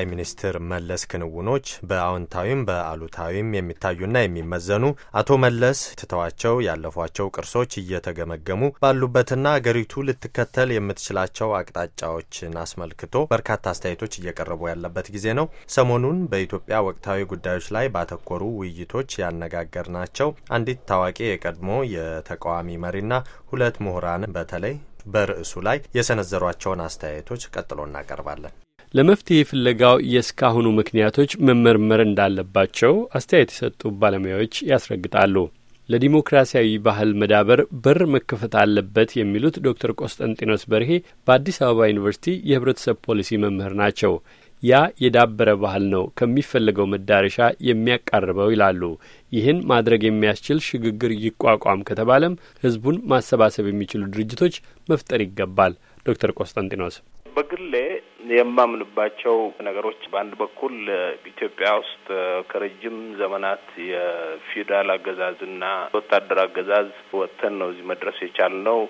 ጠቅላይ ሚኒስትር መለስ ክንውኖች በአዎንታዊም በአሉታዊም የሚታዩና የሚመዘኑ አቶ መለስ ትተዋቸው ያለፏቸው ቅርሶች እየተገመገሙ ባሉበትና አገሪቱ ልትከተል የምትችላቸው አቅጣጫዎችን አስመልክቶ በርካታ አስተያየቶች እየቀረቡ ያለበት ጊዜ ነው። ሰሞኑን በኢትዮጵያ ወቅታዊ ጉዳዮች ላይ ባተኮሩ ውይይቶች ያነጋገር ናቸው አንዲት ታዋቂ የቀድሞ የተቃዋሚ መሪና ሁለት ምሁራን በተለይ በርዕሱ ላይ የሰነዘሯቸውን አስተያየቶች ቀጥሎ እናቀርባለን። ለመፍትሄ ፍለጋው የእስካሁኑ ምክንያቶች መመርመር እንዳለባቸው አስተያየት የሰጡ ባለሙያዎች ያስረግጣሉ። ለዲሞክራሲያዊ ባህል መዳበር በር መከፈት አለበት የሚሉት ዶክተር ቆስጠንጢኖስ በርሄ በአዲስ አበባ ዩኒቨርሲቲ የህብረተሰብ ፖሊሲ መምህር ናቸው። ያ የዳበረ ባህል ነው ከሚፈለገው መዳረሻ የሚያቃርበው ይላሉ። ይህን ማድረግ የሚያስችል ሽግግር ይቋቋም ከተባለም ህዝቡን ማሰባሰብ የሚችሉ ድርጅቶች መፍጠር ይገባል። ዶክተር ቆስጠንጢኖስ በግሌ የማምንባቸው ነገሮች በአንድ በኩል ኢትዮጵያ ውስጥ ከረጅም ዘመናት የፊውዳል አገዛዝና ወታደር አገዛዝ ወጥተን ነው እዚህ መድረስ የቻልነው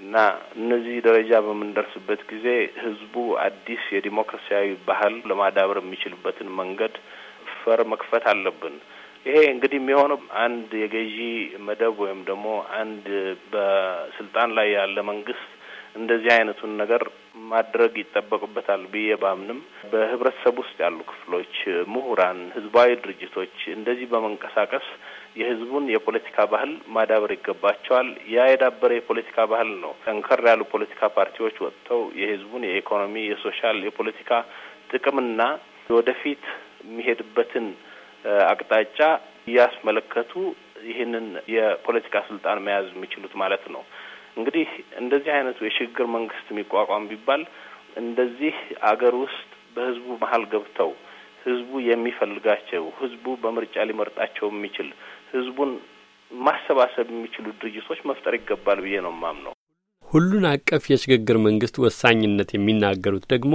እና እነዚህ ደረጃ በምንደርስበት ጊዜ ህዝቡ አዲስ የዲሞክራሲያዊ ባህል ለማዳበር የሚችልበትን መንገድ ፈር መክፈት አለብን። ይሄ እንግዲህ የሚሆነው አንድ የገዢ መደብ ወይም ደግሞ አንድ በስልጣን ላይ ያለ መንግስት እንደዚህ አይነቱን ነገር ማድረግ ይጠበቅበታል ብዬ ባምንም በህብረተሰብ ውስጥ ያሉ ክፍሎች፣ ምሁራን፣ ህዝባዊ ድርጅቶች እንደዚህ በመንቀሳቀስ የህዝቡን የፖለቲካ ባህል ማዳበር ይገባቸዋል። ያ የዳበረ የፖለቲካ ባህል ነው ጠንከር ያሉ ፖለቲካ ፓርቲዎች ወጥተው የህዝቡን የኢኮኖሚ፣ የሶሻል፣ የፖለቲካ ጥቅምና ወደፊት የሚሄድበትን አቅጣጫ እያስመለከቱ ይህንን የፖለቲካ ስልጣን መያዝ የሚችሉት ማለት ነው። እንግዲህ እንደዚህ አይነቱ የሽግግር መንግስት የሚቋቋም ቢባል እንደዚህ አገር ውስጥ በህዝቡ መሀል ገብተው ህዝቡ የሚፈልጋቸው ህዝቡ በምርጫ ሊመርጣቸው የሚችል ህዝቡን ማሰባሰብ የሚችሉ ድርጅቶች መፍጠር ይገባል ብዬ ነው ማምነው። ሁሉን አቀፍ የሽግግር መንግስት ወሳኝነት የሚናገሩት ደግሞ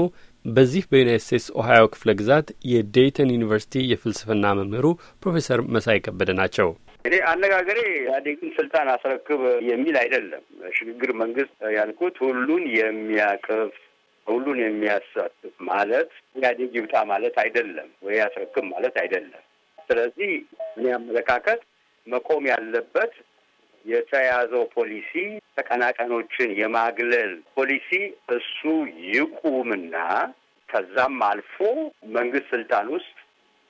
በዚህ በዩናይት ስቴትስ ኦሃዮ ክፍለ ግዛት የዴይተን ዩኒቨርሲቲ የፍልስፍና መምህሩ ፕሮፌሰር መሳይ ከበደ ናቸው። እኔ አነጋገሬ ኢህአዴግን ስልጣን አስረክብ የሚል አይደለም። ሽግግር መንግስት ያልኩት ሁሉን የሚያቅፍ ሁሉን የሚያሳትፍ ማለት ኢህአዴግ ይብጣ ማለት አይደለም፣ ወይ ያስረክብ ማለት አይደለም። ስለዚህ እኔ አመለካከት መቆም ያለበት የተያዘው ፖሊሲ ተቀናቀኖችን የማግለል ፖሊሲ እሱ ይቁምና ከዛም አልፎ መንግስት ስልጣን ውስጥ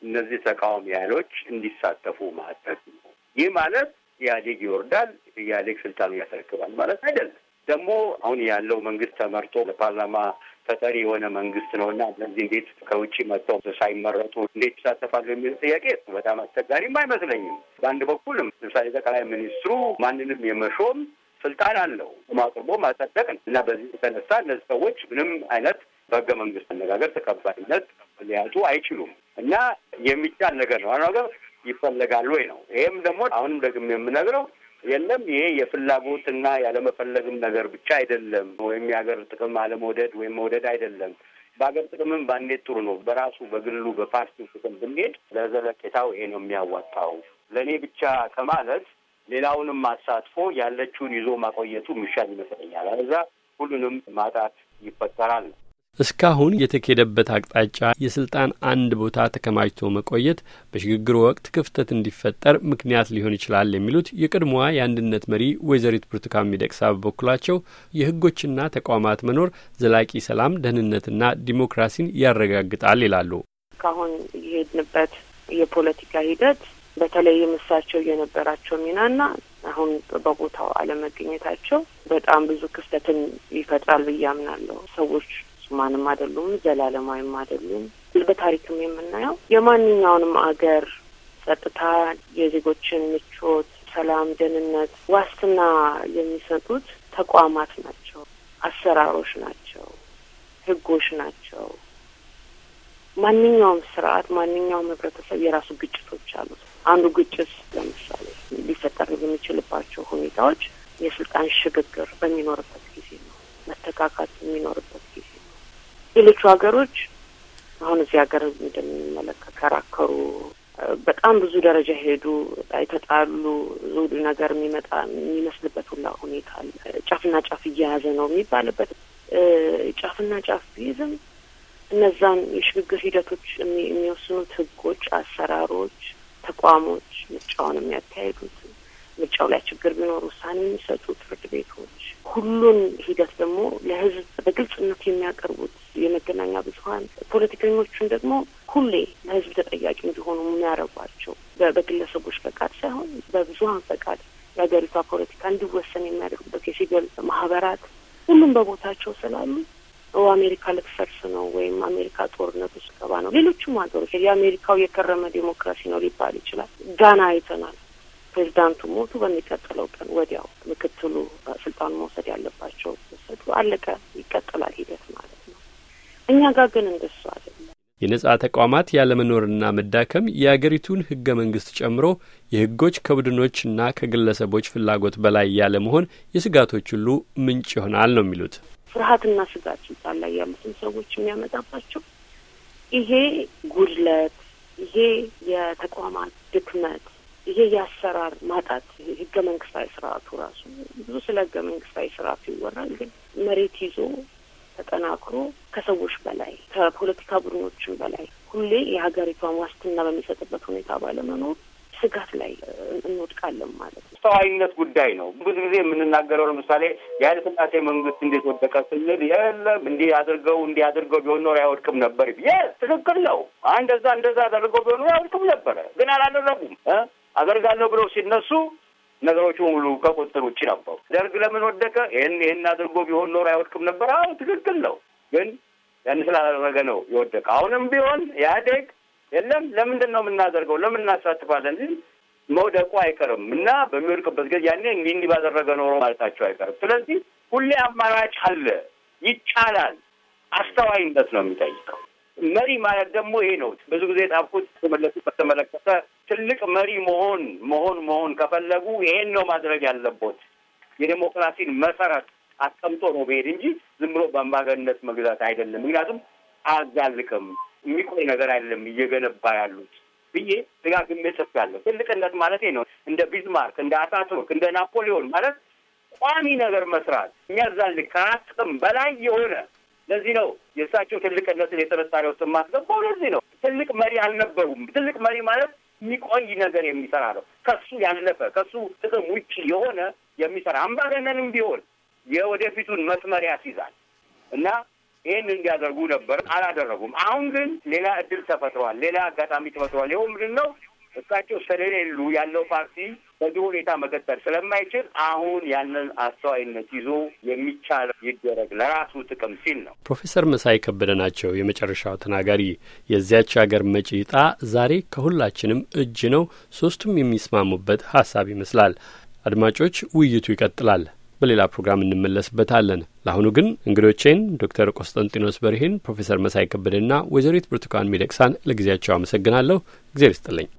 እነዚህ ተቃዋሚ ኃይሎች እንዲሳተፉ ማድረግ ነው። ይህ ማለት ኢህአዴግ ይወርዳል፣ ኢህአዴግ ስልጣኑ ያስረክባል ማለት አይደለም። ደግሞ አሁን ያለው መንግስት ተመርጦ ለፓርላማ ተጠሪ የሆነ መንግስት ነው እና እነዚህ እንዴት ከውጭ መጥተው ሳይመረጡ እንዴት ይሳተፋሉ የሚል ጥያቄ በጣም አስቸጋሪም አይመስለኝም። በአንድ በኩልም ለምሳሌ ጠቅላይ ሚኒስትሩ ማንንም የመሾም ስልጣን አለው ማቅርቦ ማጸደቅ ነው እና በዚህ የተነሳ እነዚህ ሰዎች ምንም አይነት በህገ መንግስት አነጋገር ተቀባይነት ሊያጡ አይችሉም እና የሚቻል ነገር ነው አሁን ይፈለጋል ወይ ነው። ይሄም ደግሞ አሁንም ደግሞ የምነግረው የለም ይሄ የፍላጎትና ያለመፈለግም ነገር ብቻ አይደለም፣ ወይም የሀገር ጥቅም አለመውደድ ወይም መውደድ አይደለም። በሀገር ጥቅምም ባንዴት ጥሩ ነው። በራሱ በግሉ በፓርቲው ጥቅም ብንሄድ ለዘለቄታው ይሄ ነው የሚያዋጣው ለእኔ ብቻ ከማለት ሌላውንም አሳትፎ ያለችውን ይዞ ማቆየቱ ምሻል ይመስለኛል። እዛ ሁሉንም ማጣት ይፈጠራል። እስካሁን የተኬደበት አቅጣጫ የስልጣን አንድ ቦታ ተከማችቶ መቆየት በሽግግሩ ወቅት ክፍተት እንዲፈጠር ምክንያት ሊሆን ይችላል የሚሉት የቀድሞዋ የአንድነት መሪ ወይዘሪት ብርቱካን ሚደቅሳ በበኩላቸው የህጎችና ተቋማት መኖር ዘላቂ ሰላም፣ ደህንነትና ዲሞክራሲን ያረጋግጣል ይላሉ። እስካሁን የሄድንበት የፖለቲካ ሂደት በተለይ እሳቸው የነበራቸው ሚናና አሁን በቦታው አለመገኘታቸው በጣም ብዙ ክፍተትን ይፈጥራል ብዬ አምናለሁ። ሰዎች ሱማንም አይደሉም፣ ዘላለማዊም አይደሉም። በታሪክም የምናየው የማንኛውንም አገር ጸጥታ፣ የዜጎችን ምቾት፣ ሰላም፣ ደህንነት ዋስትና የሚሰጡት ተቋማት ናቸው፣ አሰራሮች ናቸው፣ ህጎች ናቸው። ማንኛውም ስርዓት ማንኛውም ህብረተሰብ የራሱ ግጭቶች አሉት። አንዱ ግጭት ለምሳሌ ሊፈጠር የሚችልባቸው ሁኔታዎች የስልጣን ሽግግር በሚኖርበት ጊዜ ነው። መተካካት የሚኖርበት ጊዜ ሌሎቹ ሀገሮች አሁን እዚህ ሀገር እንደምንመለከት ከራከሩ በጣም ብዙ ደረጃ ሄዱ፣ የተጣሉ ዙሉ ነገር የሚመጣ የሚመስልበት ሁላ ሁኔታ አለ። ጫፍና ጫፍ እየያዘ ነው የሚባልበት ጫፍና ጫፍ ቢይዝም እነዛን የሽግግር ሂደቶች የሚወስኑት ህጎች፣ አሰራሮች፣ ተቋሞች ምርጫውን የሚያካሄዱት ምርጫው ላይ ችግር ቢኖር ውሳኔ የሚሰጡ ፍርድ ቤቶች፣ ሁሉን ሂደት ደግሞ ለህዝብ በግልጽነት የሚያቀርቡት የመገናኛ ብዙሀን፣ ፖለቲከኞቹን ደግሞ ሁሌ ለህዝብ ተጠያቂ እንዲሆኑ የሚያደርጓቸው በግለሰቦች ፈቃድ ሳይሆን በብዙሀን ፈቃድ የሀገሪቷ ፖለቲካ እንዲወሰን የሚያደርጉበት የሲቪል ማህበራት ሁሉም በቦታቸው ስላሉ አሜሪካ ልትፈርስ ነው ወይም አሜሪካ ጦርነት ውስጥ ገባ ነው፣ ሌሎችም ሀገሮች የአሜሪካው የከረመ ዴሞክራሲ ነው ሊባል ይችላል። ጋና አይተናል። ፕሬዚዳንቱ ሞቱ። በሚቀጥለው ቀን ወዲያው ምክትሉ ስልጣኑ መውሰድ ያለባቸው ወሰዱ። አለቀ። ይቀጥላል ሂደት ማለት ነው። እኛ ጋር ግን እንደሱ አይደለም። የነጻ ተቋማት ያለመኖርና መዳከም የአገሪቱን ህገ መንግስት ጨምሮ የህጎች ከቡድኖችና ከግለሰቦች ፍላጎት በላይ ያለመሆን የስጋቶች ሁሉ ምንጭ ይሆናል ነው የሚሉት። ፍርሀትና ስጋት ስልጣን ላይ ያሉትን ሰዎች የሚያመጣባቸው ይሄ ጉድለት፣ ይሄ የተቋማት ድክመት ይሄ የአሰራር ማጣት ህገ መንግስታዊ ስርአቱ ራሱ ብዙ ስለ ህገ መንግስታዊ ስርአቱ ይወራል፣ ግን መሬት ይዞ ተጠናክሮ ከሰዎች በላይ ከፖለቲካ ቡድኖችን በላይ ሁሌ የሀገሪቷን ዋስትና በሚሰጥበት ሁኔታ ባለመኖር ስጋት ላይ እንወድቃለን ማለት ነው። አስተዋይነት ጉዳይ ነው። ብዙ ጊዜ የምንናገረው ለምሳሌ የኃይለሥላሴ መንግስት እንዴት ወደቀ ስንል የለም እንዲህ አድርገው እንዲህ አድርገው ቢሆን ኖር አያወድቅም ነበር። ትክክል ነው። እንደዛ እንደዛ አድርገው ቢሆን ኖሮ ነበረ፣ ግን አላደረጉም። አደርጋለሁ ብለው ሲነሱ ነገሮቹ ሙሉ ከቁጥር ውጭ ነበሩ። ደርግ ለምን ወደቀ? ይህን ይህን አድርጎ ቢሆን ኖሮ አይወድቅም ነበር። አዎ ትክክል ነው፣ ግን ያን ስላደረገ ነው የወደቀ። አሁንም ቢሆን ኢህአዴግ የለም ለምንድን ነው የምናደርገው? ለምን እናሳትፋለን? መውደቁ አይቀርም እና በሚወድቅበት ጊዜ ያኔ እንዲህ እንዲህ ባደረገ ኖሮ ማለታቸው አይቀርም። ስለዚህ ሁሌ አማራጭ አለ፣ ይቻላል። አስተዋይነት ነው የሚጠይቀው። መሪ ማለት ደግሞ ይሄ ነው። ብዙ ጊዜ ጣብቁት ተመለሱ በተመለከተ ትልቅ መሪ መሆን መሆን መሆን ከፈለጉ ይሄን ነው ማድረግ ያለቦት። የዴሞክራሲን መሰረት አስቀምጦ ነው መሄድ እንጂ ዝም ብሎ በአምባገነት መግዛት አይደለም። ምክንያቱም አያዛልቅም፣ የሚቆይ ነገር አይደለም እየገነባ ያሉት ብዬ ደጋግሜ ጽፌያለሁ። ትልቅነት ማለት ነው እንደ ቢዝማርክ፣ እንደ አታቱርክ፣ እንደ ናፖሊዮን ማለት ቋሚ ነገር መስራት የሚያዛልቅ ከራስ ጥቅም በላይ የሆነ ለዚህ ነው የእሳቸው ትልቅነትን የጥርጣሬ ውስጥ የማስገባው። ለዚህ ነው ትልቅ መሪ አልነበሩም። ትልቅ መሪ ማለት የሚቆይ ነገር የሚሰራ ነው። ከሱ ያለፈ ከሱ ጥቅም ውጭ የሆነ የሚሰራ አምባገነንም ቢሆን የወደፊቱን መስመር ያስይዛል እና ይህን እንዲያደርጉ ነበር፣ አላደረጉም። አሁን ግን ሌላ እድል ተፈጥሯል፣ ሌላ አጋጣሚ ተፈጥሯል። ይኸው ምንድን ነው እሳቸው ስለሌሉ ያለው ፓርቲ በዚህ ሁኔታ መቀጠል ስለማይችል አሁን ያንን አስተዋይነት ይዞ የሚቻል ይደረግ ለራሱ ጥቅም ሲል ነው። ፕሮፌሰር መሳይ ከበደ ናቸው የመጨረሻው ተናጋሪ። የዚያች ሀገር መጪ ዛሬ ከሁላችንም እጅ ነው። ሶስቱም የሚስማሙበት ሀሳብ ይመስላል። አድማጮች፣ ውይይቱ ይቀጥላል። በሌላ ፕሮግራም እንመለስበታለን። ለአሁኑ ግን እንግዶቼን ዶክተር ቆስጠንጢኖስ በርሄን፣ ፕሮፌሰር መሳይ ከበደና ወይዘሪት ብርቱካን ሚደቅሳን ለጊዜያቸው አመሰግናለሁ። እግዜር ይስጥልኝ።